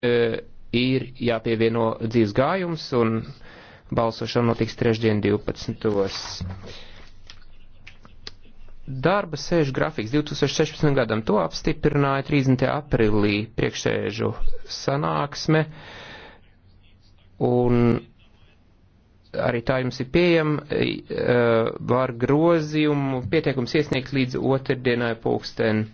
ir jāpievieno dzīves gājums un balsošana notiks trešdien 12. Darba sēžu grafiks 2016. gadam to apstiprināja 30. aprilī priekšsēžu sanāksme un arī tā jums ir pieejama, var grozījumu pieteikums iesniegt līdz otrdienai pulksten